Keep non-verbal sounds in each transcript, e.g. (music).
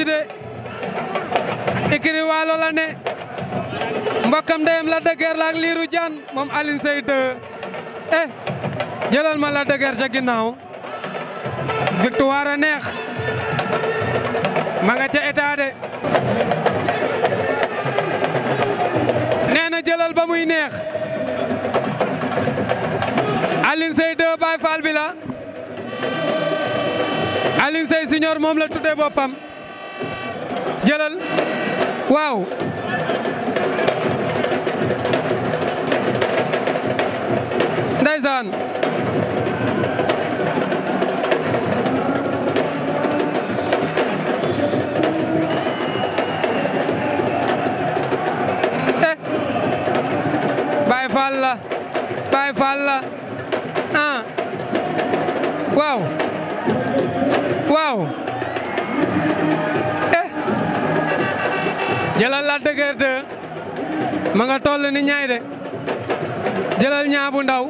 ji de ikiri waalo la ne mbokkam ndeyam la dëgër la ak liiru jaan moom Alioune Seye 2 eh jëlal ma la dëgër ca ginnaaw victoire a neex ma nga ca état de jëlal ba muy neex Alioune Seye 2 Baye Fall bi la Alioune Seye Senior moom la tuddee boppam jëlal waaw ndeysaan eh Baay Faal la Baay Faal la ah waaw waaw jëlal Lac de ma nga toll ni ñaay de jëlal ñaa bu ndaw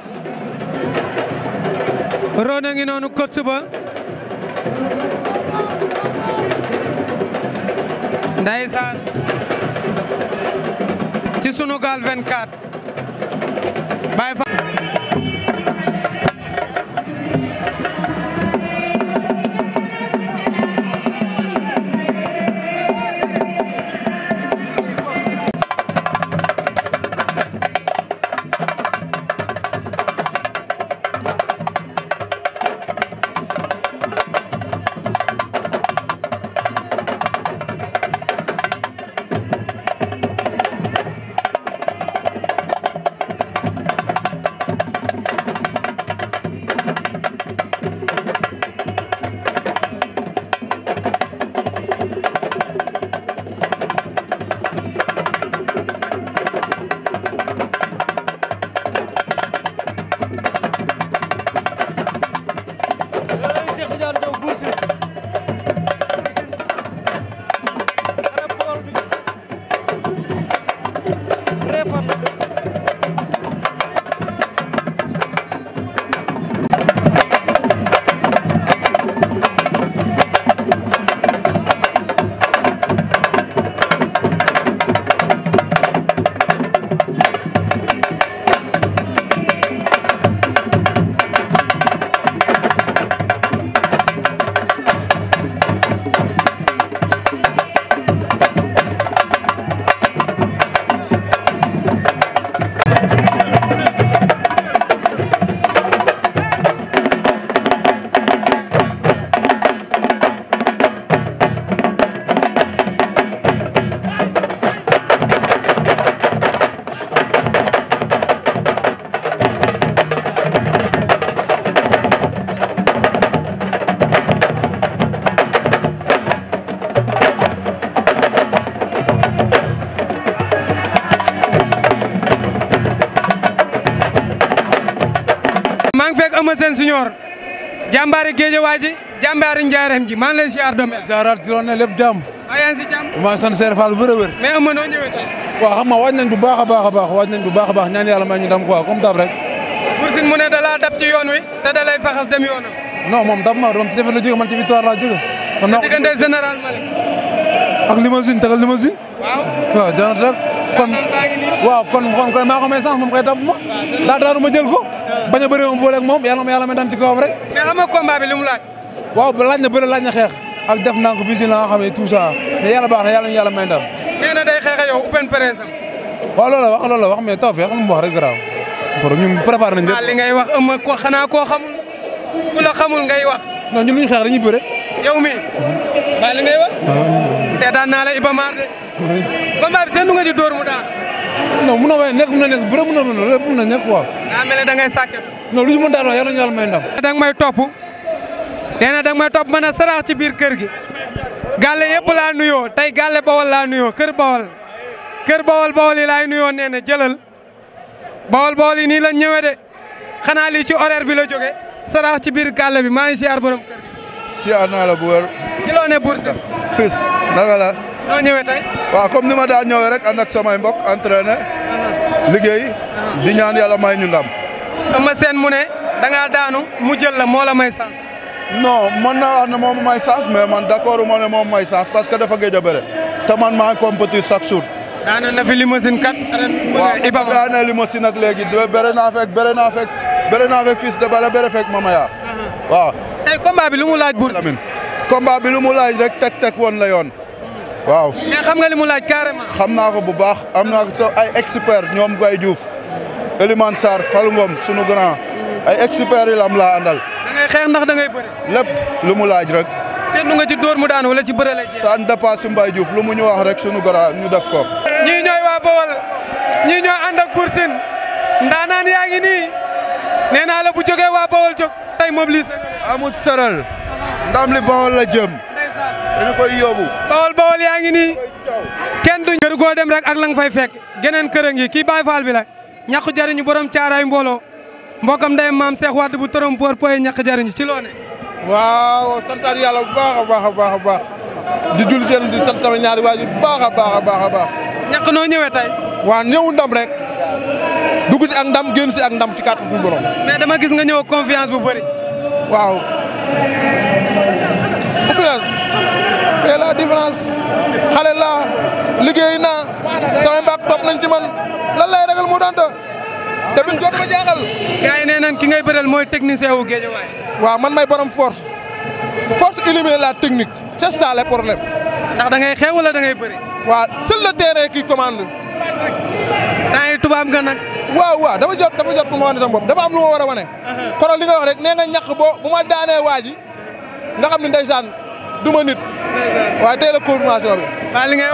roona ngi noonu coach ba ndeysaan ci Sunugal 24 Sène Junior a Géejawaay ji jàmbaari Njaareem ji maa ngi lay siyaar doom. ziarat ci ne lépp jàmm. maa yaa ngi si jàmm. maa sant Serigne Fall bu wér a wér. mais am na noo ñëwee tey. waaw xam nga waaj nañ bu baax a baax a baax waaj nañ bu baax a baax ñaan yàlla a ñu dam quoi comme dab rek. Bour mu ne da laa dab ci yoon wi te da lay dem yoonam. non moom dab ma doom ci defet la jóge man ci victoire laa jóge. man naa ko diggante général Malick. ak limousine tegal limousine. waaw waaw jaanat rek kon waaw kon kon koy maa ko may sens moom koy dab ma daa daanu ma bañ a bëree moom booleeg moom yàlla ma yàlla may ndam ci kawam rek. mais xam nga combat bi a mu laaj. waaw ba laaj na bëre laaj na xeex ak def naa ko vigilant nga xam ne tout ça mais yàlla baax na yàlla ñu yàlla may ndam. nee na day xeex yow open press am. waaw la wax loolu la wax mais taw feex mu wax rek garaaw. kon ñun préparé nañ lépp. waaw wax am ko xanaa koo xamul ku la xamul ngay wax. non ñun lu ñu xeex dañuy bëre. yow mii. waaw li ngay wax. seetaan naa la Iba Mar non mun na waaye nekk mun na nekk bëre mun na doon lépp mun na nekk quoi. daa mel ne da ngay sàkket. non lu ñu mën ndam. da nga may topp nee na da nga may topp mën a sarax ci biir kër gi. gàlle yëpp nuyoo tey gàlle bawol nuyoo kër bawol kër bawol bawol yi nuyoo nee na jëlal bawol bawol yi nii lañ ñëwee xanaa lii ci horaire bi la joge sarax ci biir gàlle bi maa ngi siyaar borom kër gi. bu wér. kiloo ne Bour Sine. fils noo ñëwee tey. waaw comme ni ma daan ñëwee rek ànd ak samay mbokk entraîné. Uh-huh. liggéey. Uh-huh. di ñaan yàlla may ñu ndam. ma seen mu ne da ngaa daanu mu jël la moo la may sens. non mën naa wax moom may sens mais man d' accord ma ne moom may sens parce que dafa géej a bëre man maa ngi compétir chaque jour. daana na fi limousine kat. waaw Ibama daana limousine ak léegi bëre naa fekk bëre naa fekk bëre naa bala bëre fekk mama uh-huh. bi lu mu laaj. bi lu laaj rek teg teg woon la yoon. waaw mais xam nga li mu laaj carrément. xam naa ko bu baax am naa ko ay expert ñoom Guèye Diouf Elimane Sarr Fallou Ngom sunu grand ay expert yi la am laa àndal. da ngay xeex ndax da ngay bëri. lépp lu mu laaj rek. seetlu nga ci dóor mu daan wala ci bëre la jeex. saan dépassé Mbaye Diouf lu mu ñu wax rek sunu grand ñu def ko. ñii ñooy waa Bawol ñii ñooy ànd ak Bour ndaanaan yaa ngi nii nee naa la bu jógee waa Bawol jóg tey mobilise. amut sëral ndam li Bawol la jëm. dañu koy yóbbu. bawol yaa ngi nii kenn duñ kër goo dem rek ak la nga fay fekk geneen kër ngi kii Baye Fall bi la ñàkk jariñu borom caaraay mbooloo mbokam ndeyam maam Cheikh Wade bu torom poor poye ñàkk jariñu ci loo ne waaw santaat yàlla bu baax a baax a baax a baax di julli teen di sant sama ñaari waajur bu baax a baax a baax a baax ñàkk noo ñëwee tey waaw ñëwu ndam rek dugg ak ndam génn ci ak ndam ci kàttan bu borom mais dama gis nga ñëw confiance bu bëri waaw c'est la différence xale la liggéey naa samay mbaq topp nañ ci man lan lay ragal mu doon te biñ jot ma jaaxal. gars yi nee nañ ki ngay bëreel mooy technicien wu Guédiawaye. waaw man may borom force force éliminer la technique c'est ça le ndax da ngay xeew wala da ngay bëri. waaw seul la terrain kii commande. temps yii tubaab nga nag. waaw waaw dafa jot dafa jot bu ma wane sama bopp dafa am lu ma war a wane. Uh-huh. kono li nga wax rek nee nga ñàkk boo bu ma daanee waa ji nga xam ne ndeysaan du ma nit waaye tey la confirmation bi. waaw li ngay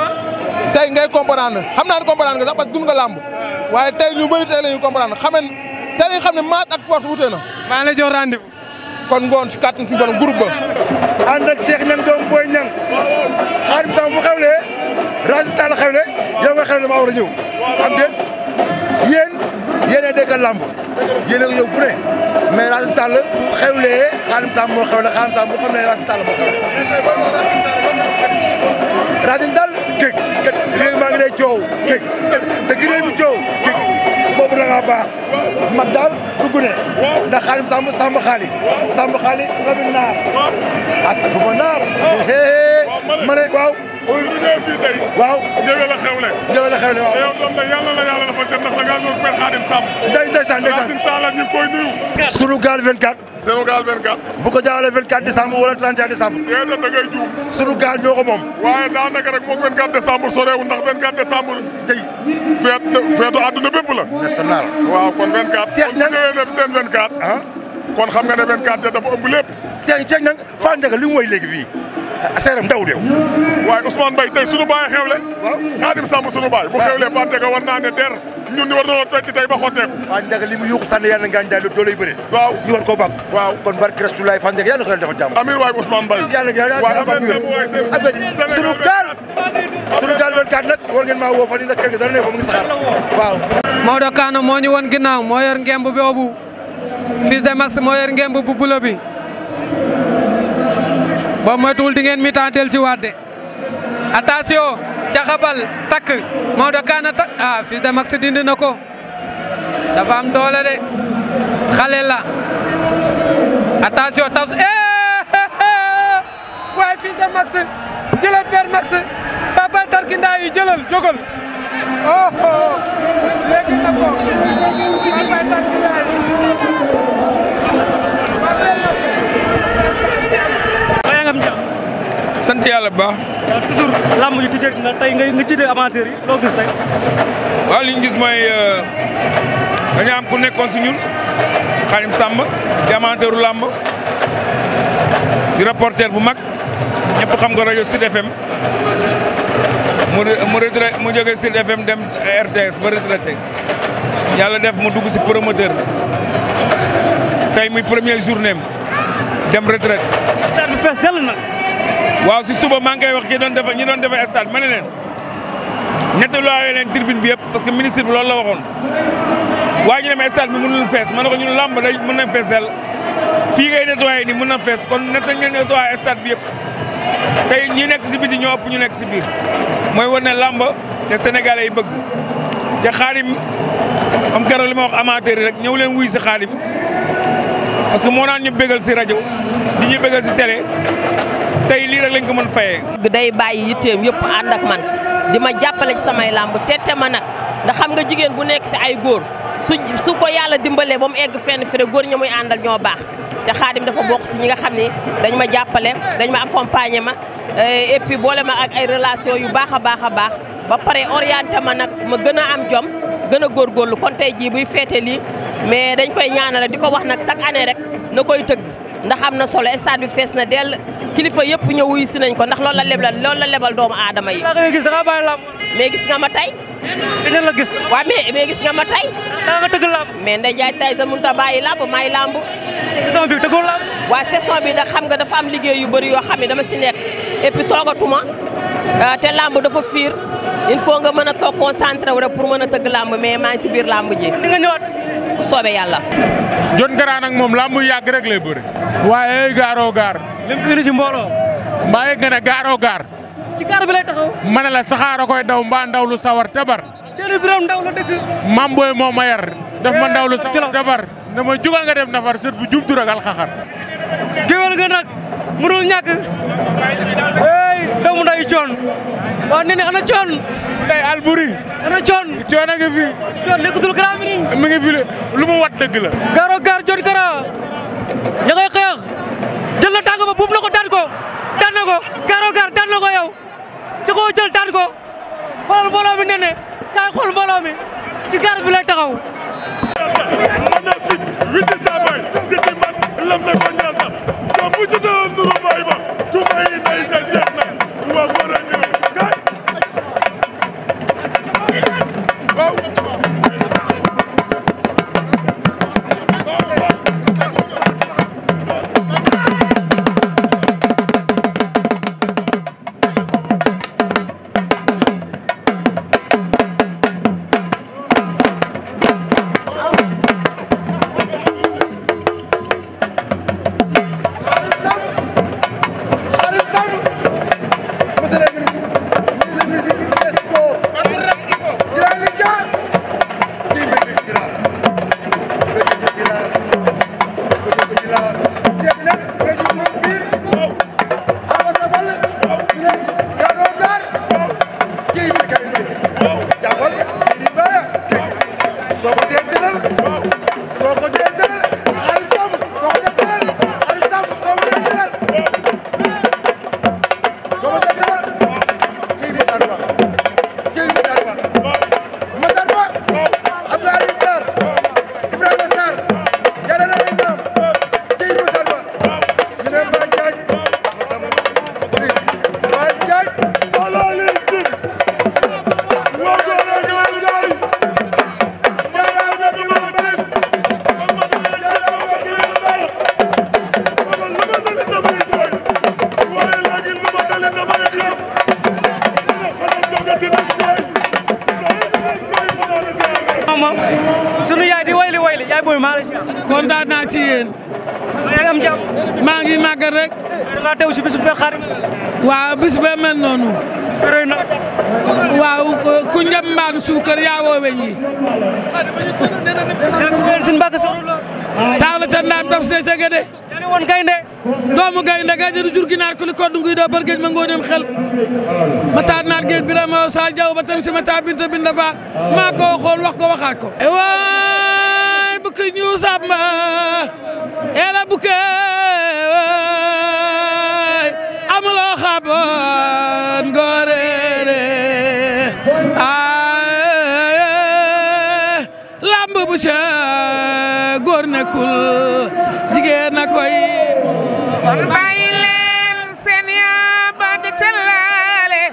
tey ngay comprendre xam naa ne comprendre nga sax parce que dun nga làmb waaye tey ñu bëri tey la ñu comprendre xamen tey lañ xam ne maat ak force wute na. maa ngi lay jox rendez-vous. kon ngoon si kàttan suñu borom groupe ba. ànd ak Cheikh Niang doom Boy Niang. xaarim tam bu xewlee. rajo Talla xewlee yow nga xewle maa war a am déet yéen. yéen a dëkkal lamb yéen a ñëw fu ne mais Racine Talla bu xewlee Khadim moo xewle Khadim Samb boo xam ne Racine Talla moo xewle. Racine Talla géej maa ngi lay coow géej géej te mi coow géej boobu da ngaa baax man daal dugg ne ndax Khadim Samb Samb xaali Samb xaali rabi naar ak bu ma naar ma ne waaw. bu waaw ñëwee la a ñëwee la waaw te yow de yàlla la yàlla dafa jëm ndax la ngaa ñëw Père Khadim Samb. ndey ndeysaan ndeysaan Racine Talla ñu ngi koy nuyu. Sunugal 24. Sunugal 24. bu a da ngay juum. Sunugal ñoo ko moom. waaye daanaka rek moom 24 décembre sorewul ndax 24 décembre tey. feetu feetu àdduna bépp la. national waaw kon 24. seen 24. Ah. kon xam nga ne 24 dafa ëmb lépp. seet seet li mu woy léegi fii seeram dawul yow. waaye Ousmane Mbaye tey sunu baay xewle. waaw Xaadim Samb sunu baay bu ah. xewlee war naa der ñun ñu war na fekk tey ba xotteeku. Fane Ndiaga li mu yuuxu sànni yàlla ngaa jaay doo lay bëre. waaw ñu war koo bàq. waaw kon barke Rasulaay Fane Ndiaga yàlla na ko defal jàmm. amiin waay Ousmane Mbaye. yàlla sunu gaal sunu gaal benn nag war ngeen maa woo fan yii nag kër gi dara ne fa mu ngi saxaar waaw. Maodo Kano moo ñu won ginnaaw moo yor ngemb boobu bi boo moytuwul di ngeen mi tanteel ci waat de attention caxabal takk Maodo Kaana takk ah Fils de Max dindi ko dafa doole de xale la attention tas eh, (laughs) waaye Fils de Max jëlal père Max papa tarkindaa yi jëlal jógal oh, oh, oh. léegi na ko papa tarkindaa yi nangam sant yàlla bu baax. toujours làmb ji tijjee nga tey nga ci dee amateurs yi loo gis tey. waaw li gis mooy euh, dañu am ku nekkoon si ñun Xarim Samb di amateuru làmb di reporter bu mag ñépp xam nga rajo Sud FM mu mu retraité mu jógee Sud FM dem RTS ba retraité yàlla def mu dugg si promoteur tey muy première journée dem retraite. stade bi fees dell na. waaw si suba maa ngi koy wax ki doon defal ñi doon defee stade ma ne leen ñetti looyoo bi yëpp parce que ministre bi loolu la waxoon. waaye ñu demee stade bi mënul fees ma ne ko ñun làmb day mën na fees dell fii ngay nettoyé ni mën na fees kon nett nañ leen nettoyé stade bi yëpp tey ñi nekk si biti ñoo ëpp ñu nekk si biir mooy wane ne làmb te sénégalais yi bëgg te xaadim am keroog li ma wax amateur rek ñëw leen wuy si xaadim parce que moo naan ñu bégal si rajo di ñu bégal si télé tey lii rek lañ ko mën fayee. day bàyyi yitteem yëpp ànd ak man di ma jàppale ci samay làmb te ma nag ndaxam nga jigéen bu nekk si ay góor su su ko yàlla dimbalee ba mu egg fenn fi rek góor ña muy àndal ñoo baax te xaadim dafa bokk si ñi nga xam ni dañ ma jàppale dañ ma accompagner ma eh, et puis boole ma ak ay relation yu baax a baax a baax ba pare orienté ma nag ma gën a am jom gën a góorgóorlu kon tey jii mais dañ koy ñaanal di ko wax nag chaque année rek na koy tëgg ndax am na solo stade bi fees na dell kilifa yëpp ñëw wuyu si nañ ko ndax loolu la lebal loolu la lebal doomu aadama yi. mais gis nga ma tey. dinañ la gis. waaw mais mais gis nga ma tey. daa nga tëgg làmb. mais Ndeye Ndiaye tey sa mënut a bàyyi làmb maay làmb. saison bi tëggul làmb. waaw saison bi nag xam nga dafa am liggéey yu bëri yoo xam ne dama si nekk et puis toogatuma euh, te làmb dafa fiir il faut nga mën a toog concentré wu rek pour mën a tëgg làmb mais maa ngi si biir làmb ji. di nga ñëwaat. soobee yàlla. jot garaan ak moom làmb yu yàgg rek lay bëri. waaye gaaroo gaar. lim fi indi ci mbooloo. mbaa ma ne la saxaara koy daw mbaa ndaw lu sawar tabar. déedéet bi ndaw la dëkk. maam booy moo ma yar. daf ma ndaw lu eh, sawar tabar. dama jugal nga dem nafar sët bu jubtu ragal xaxar. géwél nga nag mënul ñàkk. hey doomu nday coon. waaw nee na ana coon day Alboury ana coon coon a ngi fi coon nekkatul grand mi mi ngi fi lu mu wat dëgg la gaaro gaar coon kara ña ngay xeex jël ba buub na ko daan ko daan na ko gaaro gaar daan na ko yow da koo jël daan ko xoolal kaay xool mbooloo ci gaar bi lay taxaw witi sa bay jëti lam na ko ñaasa to mu bay ba tumayi nay ta na waa war a daa mel noonu. waaw ku njam mbaanu suukar yaa woo weñ yi. taalu te ndaam daf tege de. doomu gaynde gaynde jur ginaar ku li koddu doo bargeej ma ngoo xel ma taat naar géej bi la ma saa ma taat binta binda faa maa ko waxoon wax ko waxaat ko e waay bukki ñuusam ma ee la bukki bàyyi leen seen yaa ba di ca laale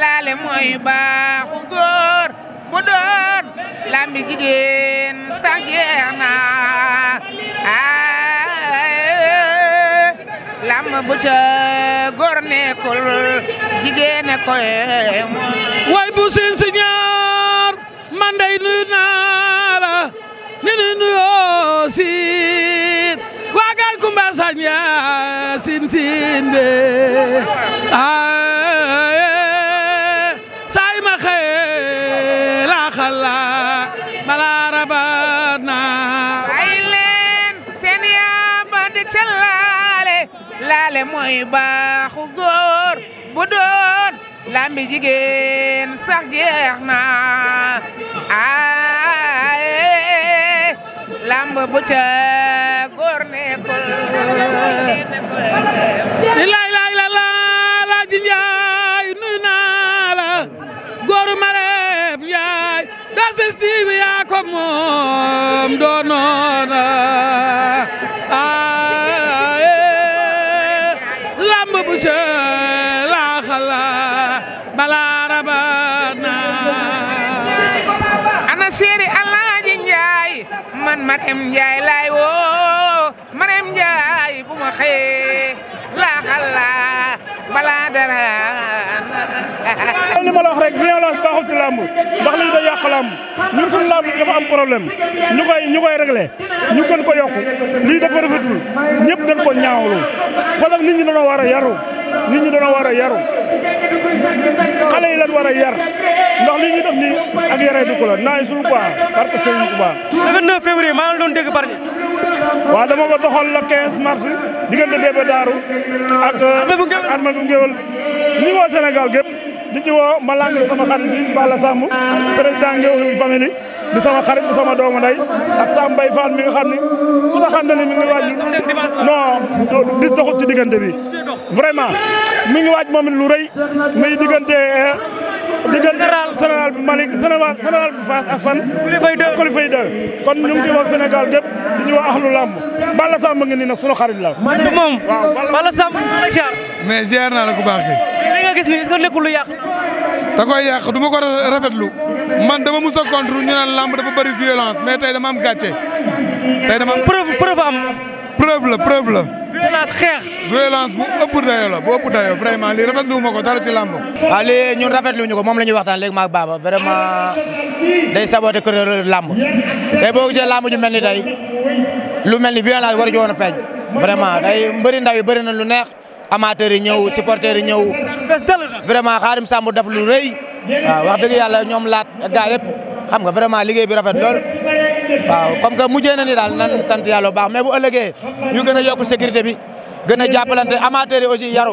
laale mooy baaxu góor bu doon lambi jigéen sax jeex na lamb bu ca góor nekkul jigéen koy moom way bu sin man day nuyu naa sañ yaa sin sin be ma xëy la xala mala rabat na ay leen seen yaa ba de ca laale laale mooy baaxu góor bu doon lambi jigéen sax jeex na aaye lamb bu ca billaay laa la la Laaji Njaay nuyu naa la góoru Marème Njaay moom doo aaye lamb bu se laa xala balaa rabana ana séeri Alaaji Njaay man Marème Njaay laay balaa dara li ma la wax rek violence baaxul ci làmb ndax lii day yàq làmb ñun suñu làmb dafa am problème ñu koy ñu koy réglé ñu gën ko yokku lii dafa rafetul ñëpp dañ ko ñaawlu wala nit ñi dañoo a yaru nit ñi dañoo war yaru xale yi lan war a yar ndax lii ñu def nii ak yaree du ko la naay suñu quoi parce que Serigne Touba. maa ngi doon dégg Bargny waaw dama ko doxal la 15 mars diggante Bébé Daaru ak armée bu Ngéwél ñu woo Sénégal gépp di ci woo ma làng sama xarit bi Balla Samb président Ngéwél famille di sama xarit di sama doomu ndey ak Samb mi nga xam ne ku la xam ne mi ngi waaj non bis doxul ci diggante bi vraiment mi ngi waaj moom lu rëy muy diggante eh, diggante général général bu Malick général général bu Fass ak fan Coly Faye kon ñu ngi ci wax Sénégal gépp di ñu wax ahlu làmb Balla Samb ngi nii xarit la man de moom Balla Samb la ziar naa la ku baax li nga gis nii est-ce que nekkul lu yàq da koy yàq du ma ko rafetlu man dama mus a contre ñu naan làmb dafa bëri violence mais tey dama am gàcce tey dama preuve preuve am preuve la preuve violence xeex. violence bu ëpp dayoo la bu ëpp dayoo vraiment lii rafetlu wu ma ko dara ci làmb. waaw ah, lii ñun rafetlu ñu ko moom la ñuy waxtaan léegi maag Baba vraiment day saboté kër làmb tey boo gisee làmb ju mel ni tey lu mel ni violence waru ci woon a feeñ vraiment day mbëri ndaw yi bëri na lu neex amateurs yi ñëw supporters yi ñëw. vraiment Xaadim Samb daf lu rëy. waaw wax dëgg yàlla ñoom laat gaa yëpp. xam nga vraiment liggéey bi rafet lool waaw comme que mujjee na ni daal nan sant yàlla bu baax mais bu ëllëgee ñu gën a yokk sécurité bi gën a jàppalante amateurs yi aussi yaru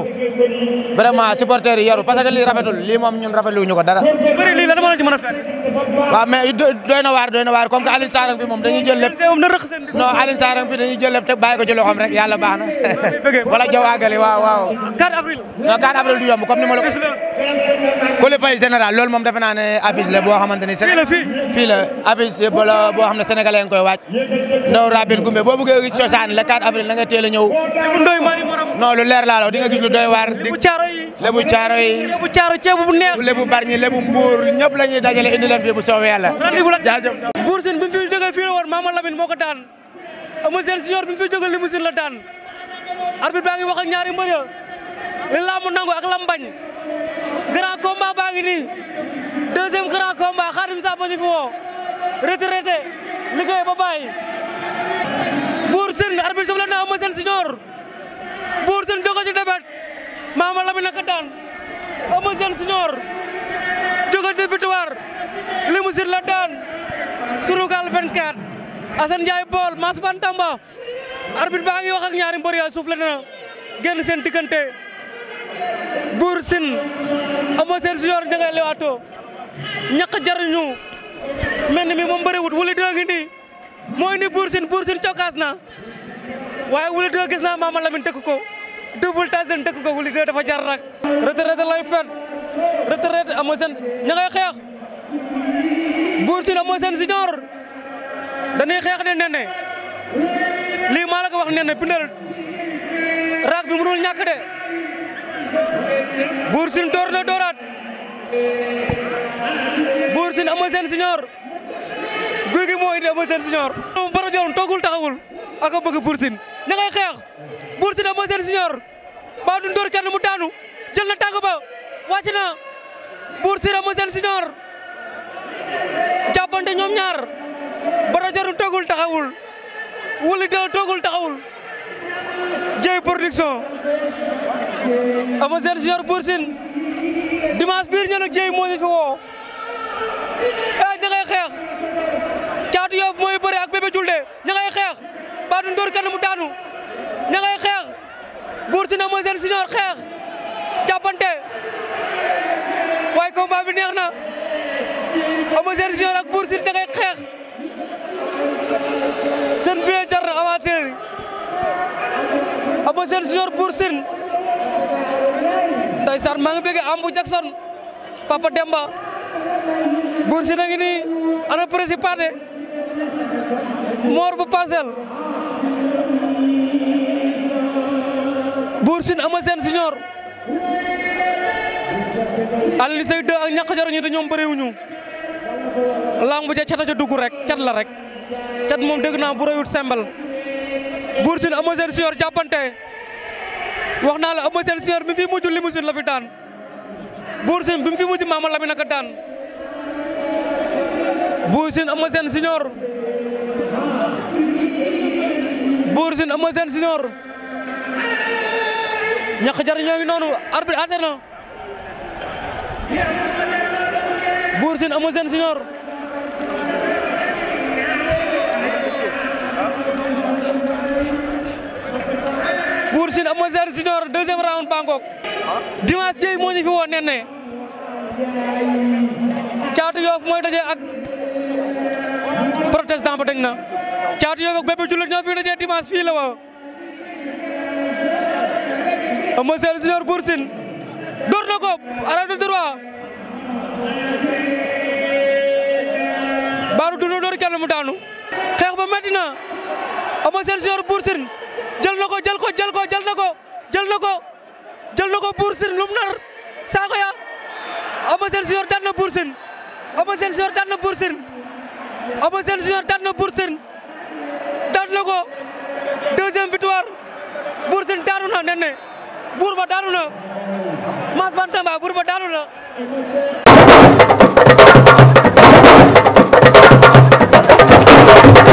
vraiment supporters yi yaru parce que lii rafetul lii moom ñun rafetlu ñu ko dara. bëri lii a doy na waar doy na waar comme que Alioune Sarr fi moom dañuy jël lépp. non Alioune Sarr fi dañuy jël lépp te bàyyi ko ci rek yàlla baax na. (laughs) wala jawaagali waaw waaw. 4 avril. du yomb comme ni ma la ko. qualifié général loolu moom defe naa boo xamante ni. fii koy waaj. ndaw rabine Gumbe boo bëggee cosaan la 4 avril na nga a ñëw non lu leer laa la di nga gis lu doy waar. lébu caaro yi lébu caaro yi. lébu caaro ceeb bu neex. lébu barñi mbuur ñëpp la ñuy dajale indi leen fii bu soobee yàlla. jaajëf. buur seen bi mu fi jógee fii woon Mama Lamine moo ko daan Eumeu Sène Junior bi mu fi jógee limousine la daan arbitre baa ngi wax ak ñaari mbër ya li làmb nangu ak lam bañ grand combat baa ngi nii deuxième grand combat Khadim Samb ñu fi woo retraité liggéey ba bàyyi buur seen arbitre soxla na Eumeu buur seen jóge ci defet maama Lamine naka daan Eumeu Sène senior jóge ci victoire Limousine la daan Sunugal 24 Assane Ndiaye bool Mass Bantamba arbitre baa ngi wax ak ñaari mbër ya suuf la dina génn seen diggante buur sin Eumeu Sène senior da ngay lewaatoo ñaq jariñu mel ni mi moom bëriwut wuli dëngi ni mooy ni buur sin buur sin cokkaas na waaye Wouly 2 gis naa Mama Lamine tëkk ko Double Tyson tëkk ko Wouly 2 dafa jar nag. retraité lay fet retraité amoo seen ña ngay xeex Bour Sine amoo seen junior dañuy xeex ne lii maa la ko wax nen pindal raak bi mënul ñàkk de Bour si door na dooraat Bour Sine amoo seen guy gi moo indi amoo seen junior. joon toogul taxawul ak a bëgg Bour Sine ña ngay xeex Bour Sine mooy seen kenn mu daanu jël na tàng ba na Bour Sine mooy seen senior jàppante ñoom ñaar Bara Dione toogul taxawul Wouly 2 toogul taxawul Dieye production ama seen senior Bour biir ñëw nag Dieye woo e ña ngay Caatu Yoff mooy bëre ak Bébé Diouldé ña ngay xeex Badou Ndor kenn mu daanu ña ngay xeex Bour Sine mooy seen siñoor xeex jàppante waaye combat bi neex na ama seen siñoor ak Bour Sine da ngay xeex seen biir jar na siñoor Bour Sine ndeysaan maa ngi bëgg Ambu Jackson Papa Demba Bour Sine a ngi Mor bu Parcelles Bour Sine Eumeu Sène Junior Alioune Seye 2 ak ñàkk jaruñu te ñoom bëriwuñu lamb ja cata ca dugg rek cat la rek cat moom dégg naa bu rëyut sembal Bour Sine Eumeu Sène Junior jàppante wax naa la Eumeu Sène Junior bi mu fi mujj limousine la fi daan Bour Sine bi mu fi mujj maama la mi daan Bour Sine Eumeu Sène Junior Bour ñax jariñoo noonu arbitre àtte na Bour Sine Eumeu Sène Junior Bour Sine Eumeu Sène Junior deuxième fi woo nen caatu Yoff mooy daje protestant ba dañ na caatu Yoff ak Bébé Diouldé ñoo fi dajee la wa Eumeu Sène junior Bour Sine dóor na ko arrêt de droit baaru dund dóor kenn daanu xeex ba metti na Eumeu Sène junior Bour na ko jël ko jël ko jël na ko jël na ko jël na ko Bour Sine lum nar saako ya Eumeu Sène junior na Bour Sine Eumeu Sène junior na Bour Eumeu Sène Junior na Bour Sène na ko deuxième victoire Bour Sène na nen ne buur ba daanu na Mass Bantamba buur ba na